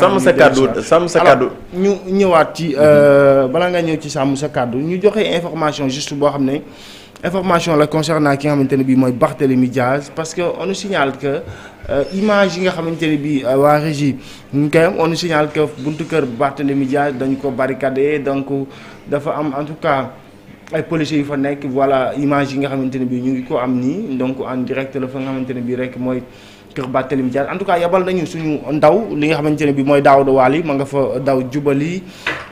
sàmm sa kàddu sàmm sa kàddu ñu ñëwaat ci euh, balaa nga ñëw ci sàmm sa kàddu ñu joxe information juste boo xam ne information la concernant ki nga xamante ne bii mooy Barthélémy Diaz parce que on nous signale euh, image yi nga xamante ne bii euh, waa régie ñu koy am on nous signale que buntu kër Barthélémy Diaz dañ ko barricadé donc dafa am en tout cas ay policiers yu fa nekk voilà image yi nga xamante ne bii ñu ngi ko am nii donc en direct la fa nga xamante ne bii rek mooy. kër Barthélémy Dias en tout cas yebal nañu suñu ndaw li nga xamante ne bi mooy Daouda Waly ma nga fa daw jubali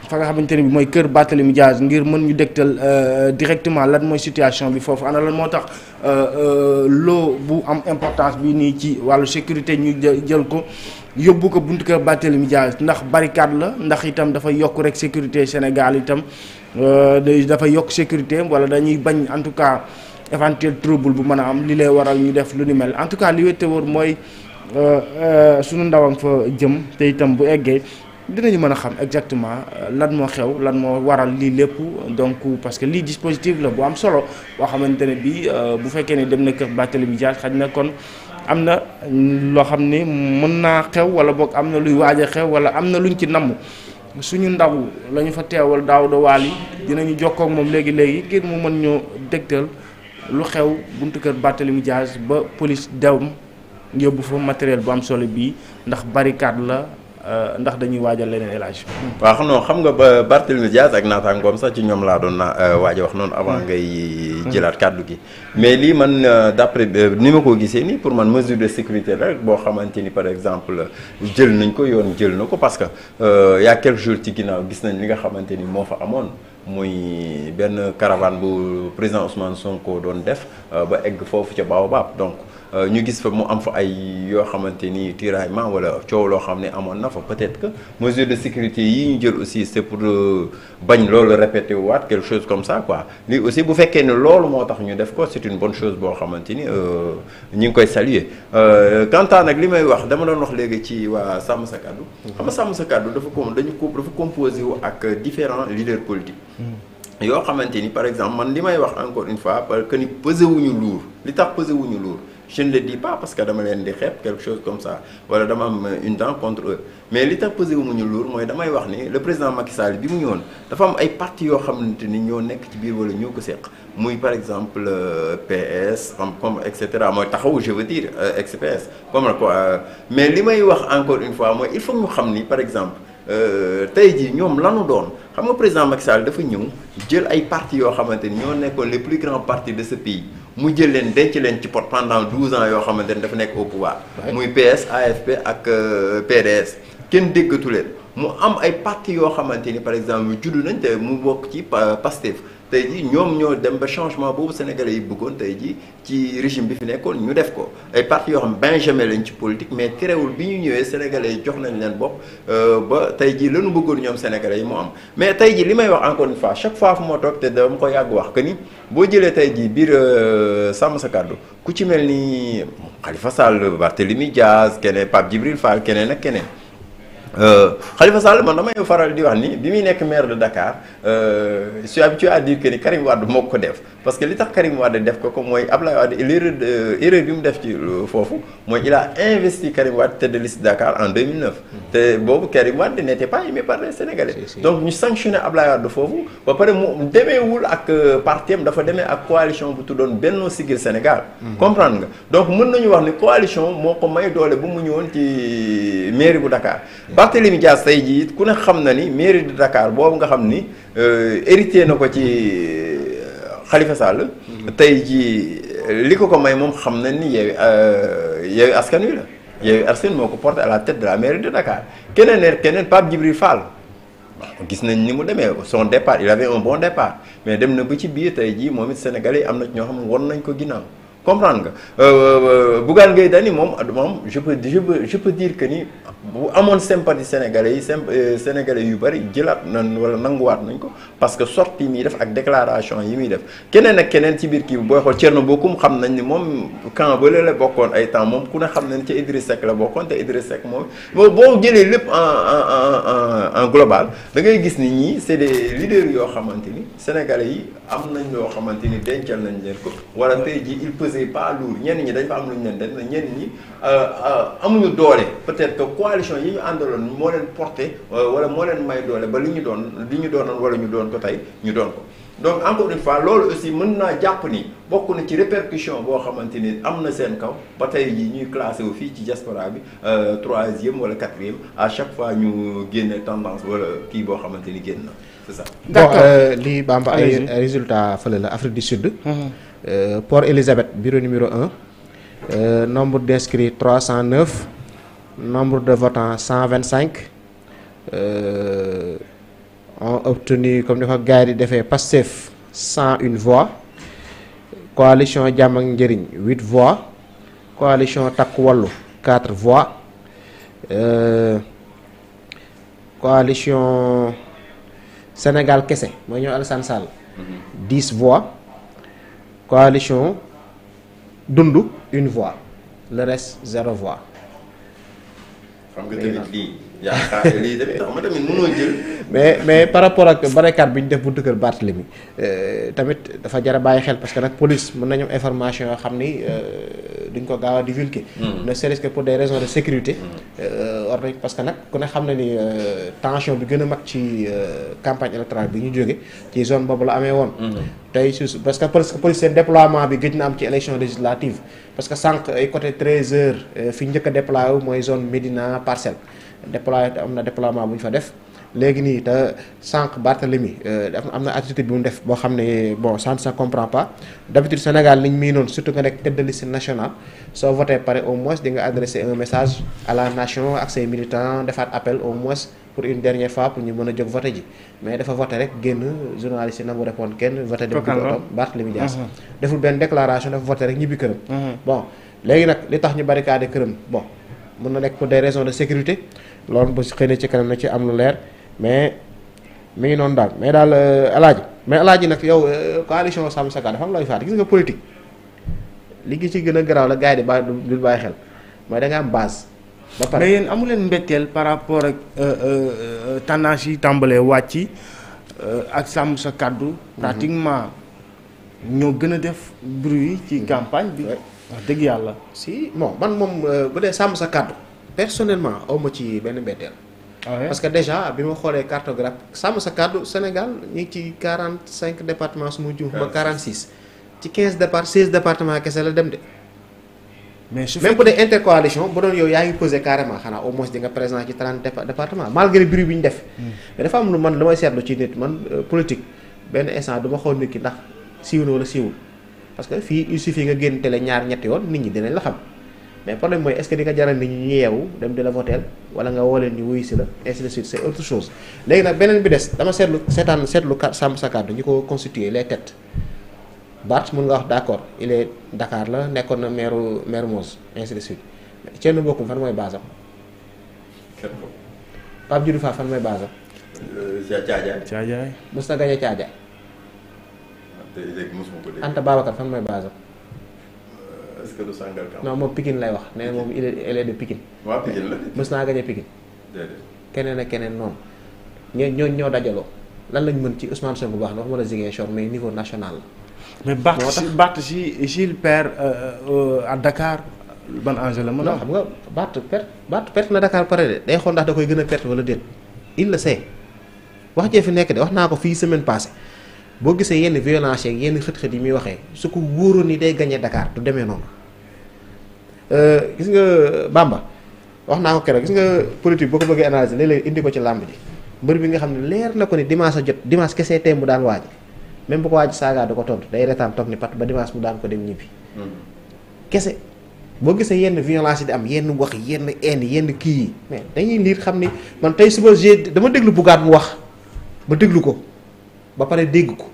fa nga xamante ne bi mooy kër Barthélémy Dias ngir mën ñu dégtal euh, directement lan mooy situation bi foofu ana lan moo tax euh, euh, loo bu am importance bi nii ci wàllu sécurité ñu jë jël ko yóbbu ko buntu kër Barthélémy Dias ndax barricade la ndax itam dafa yokk rek sécurité Sénégal itam day dafa yokk sécurité wala dañuy bañ en tout cas éventuel trouble bu mën a am li lay waral ñu def lu ni mel en tout cas li wéte wóor mooy euh, euh, suñu ndawam fa jëm te itam bu eggee dinañu mën a xam exactement euh, lan moo xew lan moo waral lii lépp donc parce que lii dispositif la bu am solo boo xamante ne bii bu fekkee ne dem na kër Barthélémy Dias xaj na kon am na loo xam ne mën naa xew wala boog am na luy waaj a xew wala am na luñ ci namm suñu ndaw la ñu fa teewal daaw da dinañu jokkoo moom léegi léegi ngir mu mën ñoo dégtal lu xew buntu kër Barthélémy Dias ba police dem yóbbu fa matériel bu am solo bii ndax barricade la Euh, ndax dañuy waaja leneen élage waaw xam non xam nga ba Barthélemy Diaz ak naataangoom sax ci ñoom laa doon naa euh, waaj a wax noonu avant mm. ngay mm. jëlaat kàddu gi mais lii man euh, d'après ni ma ko gisee nii pour man mesure de sécurité rek boo xamante ni par exemple jël nañ ko yoon jël na ko parce que y a jours ci ginnaaw gis nañ li nga xamante ni moo fa amoon muy benn caravane bu président Ousmane Sonko doon def ba egg foofu ca Baobab donc Euh, ñu gis fa mu am fa ay yoo xamante ni tiraillement wala coow loo xam ne amoon na fa peut-être que mesure de sécurité yi ñu jël aussi c'est pour euh, bañ loolu répété waat quelque chose comme ça quoi lii aussi bu fekkee ne loolu moo tax ñu def ko c'est une bonne chose boo xamante ni euh, ñu ngi koy saluer quant à nag li may wax dama doon wax léegi ci waa Sàmm Sa Kàddu xam nga Sàmm Sa Kàddu dafa comme dañu ko dafa composé wu ak différents leaders politiques hmm. yoo xamante ni par exemple man li may wax encore une fois parce que ni pesé wuñu li tax pesé wuñu luur je ne le dis pas parce que dama leen di xeeb quelque chose comme ça wala dama am une dent contre mais li tax pesé wu mu ñu luur mooy damay wax ni le président Macky bi mu ñëwoon dafa am ay parti yoo xamante ni ñoo nekk ci biir wala ñoo ko seq muy par exemple euh, PS xam comme et cetera mooy taxawu je veux dire ex euh, comme la quoi euh, mais li may wax encore une fois mooy il faut ñu xam ni par exemple tey jii ñoom lanu doon xam nga président Macky Sall dafa ñëw jël ay parti yoo xamante ni ñoo nekkoon les plus grands partis de ce mu jël leen denc leen ci pot pendant douze ans yoo xamante ne dafa nekk au pouvoir muy PS AFP ak euh, PDS kenn déggatu mu am ay parti yoo xamante ni par exemple juddu nañ te mu bokk ci Pastef tey jii ñoom ñoo dem ba changement boobu sénégalais yi bëggoon tey jii ci régime bi fi nekkoon ñu def ko ay parti yoo xam benjamin lañ ci politique mais terewul bi ñu ñëwee sénégalais yi jox nañ leen bopp euh, ba tey jii lañu bëggoon ñoom sénégalais yi mu am mais tey jii li may wax encore une fois chaque fois fu ma toog te dama ko yàgg wax que ni boo jëlee tey jii biir euh, sàmm sa kàddu ku ci mel ni Khalifa Sall Barthélémy Diaz keneen Pape Djibril Fall keneen ak keneen Euh, Khalifa Sall man damay faral di wax ni bi muy nekk maire de Dakar euh, je suis habitué à dire que ni Karim Wade moo ko def parce que li tax Karim Wade def ko ko mooy Ablaye Wade l'erreur euh, erreur bi mu def ci foofu mooy il a investi Karim Wade tête de liste Dakar en 2009. Mm-hmm. te boobu Karim Wade n'était pas aimé par les Sénégalais. donc ñu ab Ablaye Wade foofu ba pare mu demeewul ak partiam dafa demee ak coalition bu tuddoon Benno Siggil Sénégal. Mm-hmm. comprendre nga donc mën nañu wax ni coalition moo ko may doole bu mu ñëwoon ci mairie bu Dakar. Barthélemy Dias tey jii ku ne xam na ni mairie de Dakar boobu nga xam ni euh, hérité na ko ci xalifa euh, Sall. Mhm. tey jii euh, li ko ko may moom xam na ni yeewi yeewi askan wi la. Mhm. yeewi askan moo ko porté à la tête de la mairie de Dakar keneen ne keneen Pape Djibril Fall. gis nañ ni mu demee son départ il avait un bon départ mais dem na ba ci biir tey jii moom it Sénégalais am na ñoo xam ne war nañ ko ginnaaw. comprendre nga euh, euh, euh, Bougane Gueye Dany moom moom je peux je peux je peux dire que ni bu amoon sympathie sénégalais yi symp sénégalais yu bari jëlaat na wala nanguwaat nañ ko parce que sortie yi muy def ak déclaration yi muy def keneen ak keneen ci biir kii booy xool Thierno Bocoum xam nañ ni moom camp bële la bokkoon ay temps moom ku ne xam nañ ca Idriss Seck la bokkoon te Idriss Seck moom boo jëlee lépp en en en en global da ngay gis ni ñii c'est des leaders yoo xamante ni sénégalais yi am nañ loo xamante ni dencal nañ leen peser pas lourd ñenn ñi dañ fa am lu ñu leen dañ ñenn ñi euh, euh, amuñu doole peut-être que coalition yi ñu àndaloon moo leen porté euh, wala moo leen may doole ba li ñu doon li ñu doonoon wala ñu doon ko tey ñu doon ko. donc encore une fois loolu aussi mën naa jàpp ni bokk na ci boo xamante ni am na seen kaw ba tey jii ñuy classé wu fii ci diaspora bi troisième wala quatrième à chaque fois ñu génne tendance wala kii boo xamante ni génn na c'est ça. d'accord bon résultat fële la Afrique du Sud. Mm-hmm. Euh, pour Elizabeth bureau numéro 1 euh, nombre cent 309 nombre de votants 125 euh, ont obtenu comme ni ko gars yi di defee Pastef 101 voix coalition Jàmm ak Njëriñ 8 voix coalition Takku Wallu quatre voix coalition Sénégal Kese mooy ñëw Alassane Sall 10 mhm. voix coalition Dundu une voix le reste zéro voix. yaakaar lii tamit xam nga tamit mënoo jël. mais mais par rapport ak barricade bi ñu def buntu kër Barthélemy euh, tamit dafa jar a xel parce que nag police mën nañu am information yoo xam ni euh, duñ ko gaaw a divulguer. Hmm. ne serait que pour des raisons de sécurité. or hmm. euh, nañ parce que nag ku ne xam na ni tension bi gën a mag ci campagne électorale bi ñu jóge ci zone boobu amee woon. Hmm. tey su parce que parce que police seen déploiement bi gëj na am ci élection législative parce que sànq ay côté 13 heures fi njëkk a déployé mooy zone Médina parcelle déployé am na déploiement bu ñu fa def léegi nii te sànq Barthélemy euh, am na attitude bu mu def boo xam ne bon ça ne se comprend pas d'habitude Sénégal liñ mii noonu surtout nga nekk tête de liste nationale soo voté pare au moins di nga adressé un message à la nation ak ses militants defaat appel au moins pour une dernière fois pour ñu mën a jóg voté ji mais dafa voté rek génn journaliste yi na mu répondre kenn voté dem dugg otom Barthélemy Dias mhm. deful benn déclaration dafa voté rek ñibbi mhm. nag li tax ñu barricade këram mën na nekk pour des raisons de sécurité loolu ba xëy na ci kanam na ci am lu leer mais mi ngi noonu daal mais daal euh, alaaji mais alaaji nag yow euh, coalition Sàmm Sa Kàddu dafa am looy faat gis nga politique li gi ci gën a garaaw la gars di bàyyi du bàyyi xel mooy da nga am base. ba pare mais yéen amu leen mbetteel par rapport ak euh, tendance yi tàmbalee wàcc ak Sàmm Sa Kàddu. Mhm. pratiquement ñoo gën a def bruit ci mhm. campagne bi. wax dëgg yàlla. si bon man moom bu dee Sàmm Sa Kàddu. personnellement aw ma ci benn mbetteel. Ah parce que déjà bi ma xoolee cartographe sàmm sa kàddu Sénégal ñu ngi ci cinq departement su ma juum ba 46. ci 15 départ 16 départements kese la dem de. mais su même bu dee intercoalition bu doon yow yaa ngi posé carrément xanaa au moins di nga présent ci 30 département malgré bruit bi ñu def. Hmm. mais dafa am lu man lu may seetlu ci nit man euh, politique benn instant du ma xool nit ki ndax siiw na wala siiwul parce que fii il suffit nga génn ñaar ñetti yoon nit ñi dinañ la xam. mais problème mooy est-ce que di jaral nit ñi ñu yeewu dem di la voteel wala nga woo leen ñu wuyu si la ainsi de suite c'est autre chose léegi nag beneen bi des dama seetlu seetaan seetlu sàmm sa kàddu ñu ko constituer les têtes Bart mun nga wax d'accord il est Dakar la nekkoon na maire maire Mermoz ainsi de suite Thierno Bocoum fan mooy basam Pape Djibril Fall fan mooy basam Caajaay na gañe Caajaay Anta Babacar fan mooy basam est que du Sangalkam. non moom Pikine lay wax nee na moom il est il est de Pikine. waaw naa gañe Pikine. keneen a keneen noonu. ñooñu ñoo ñoo dajaloo lan lañ mën ci Ousmane Sonko bu baax dafa mën a Ziguinchor mais niveau national la. mais Barth Barth si s'il perd euh, euh, à Dakar ban enjeu la mën a. xam nga Barth perte Barth perte na dakaar pare de day xool da koy gën a perte walla déet il le wax jee fi nekk de wax naa ko fii semaine passée. boo gisee yenn violence yeeg yenn xët-xët yi muy waxee su ko wóoroon ni day gagné dakaar du demee noonu euh, gis nga Bamba wax naa ko keroog gis nga politique boo ko bëggee analyser léeg-léeg indi ko ci làmb ji mbër bi nga xam ne leer na ko ni dimanche a jot dimanche kese tey bu daan waaj même bu ko waaj saagaa du ko tontu day retaan toog ni pat ba dimanche mu daan ko dem ñibbi. Hmm. kese boo gisee yenn violence yi di am yenn wax yenn haine yenn kii yi mais dañuy liir xam ni man tey suba j dama déglu bugaat mu wax ma déglu ko. ba pare dégg ko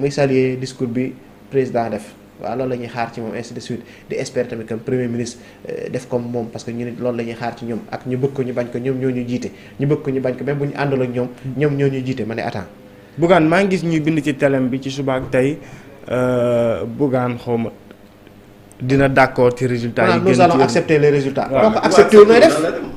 muy saluer discours bi président def waaw loolu la ñuy xaar ci moom ainsi de suite di espérer tamit que premier ministre euh, def comme moom parce que ñu nit lool la ñuy xaar ci ñoom ak ñu bëgg ko ñu bañ ko ñoom ñoo ñu jiite ñu bëgg ko ñu bañ ko même bu ñu àndal ak ñoom. ñoom ñoo ñu jiite ma ne attends. Bougane maa ngi gis ñu bind ci telem bi ci suba ak tey euh, Bougane xaw ma dina d'accord ci résultats yi. gën ci nous allons accepter les résultats. waaw nooy def.